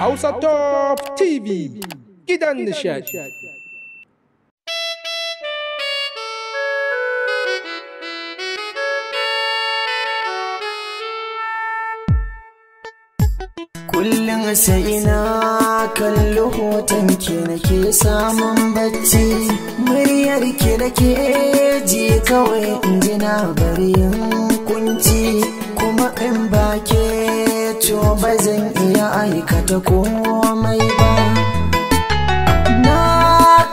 Hausa Top TV gidan nishadi. Kullum Sa'ina ina kalli hoton ki nake samun bacci muryar ki nake ji kawai in ji na bari kunci kuma in ba ke to bazan aikata komai ba na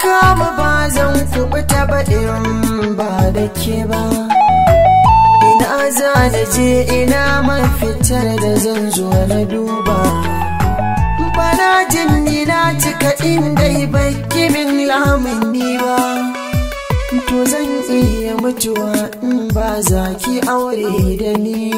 kama ba zan kubuta ba ba da ke ba ina za da je ina mafitar da zan zo na duba bana jin ni na cika indai baki min lamuni ba to zan iya mutuwa in ba za ki aure da ni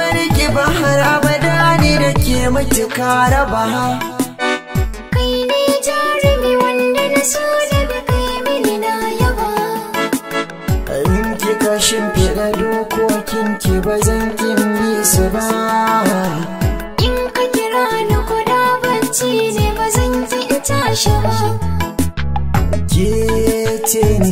ba har abada ne da ke matuka raba kai ne jarumi wanda na so da kai mini na yaba ki kika shimfiɗa dokokin ki ba zan kin su ba in ka kira ni kuda bacci ne ba zan ki tashi ba ke ce ni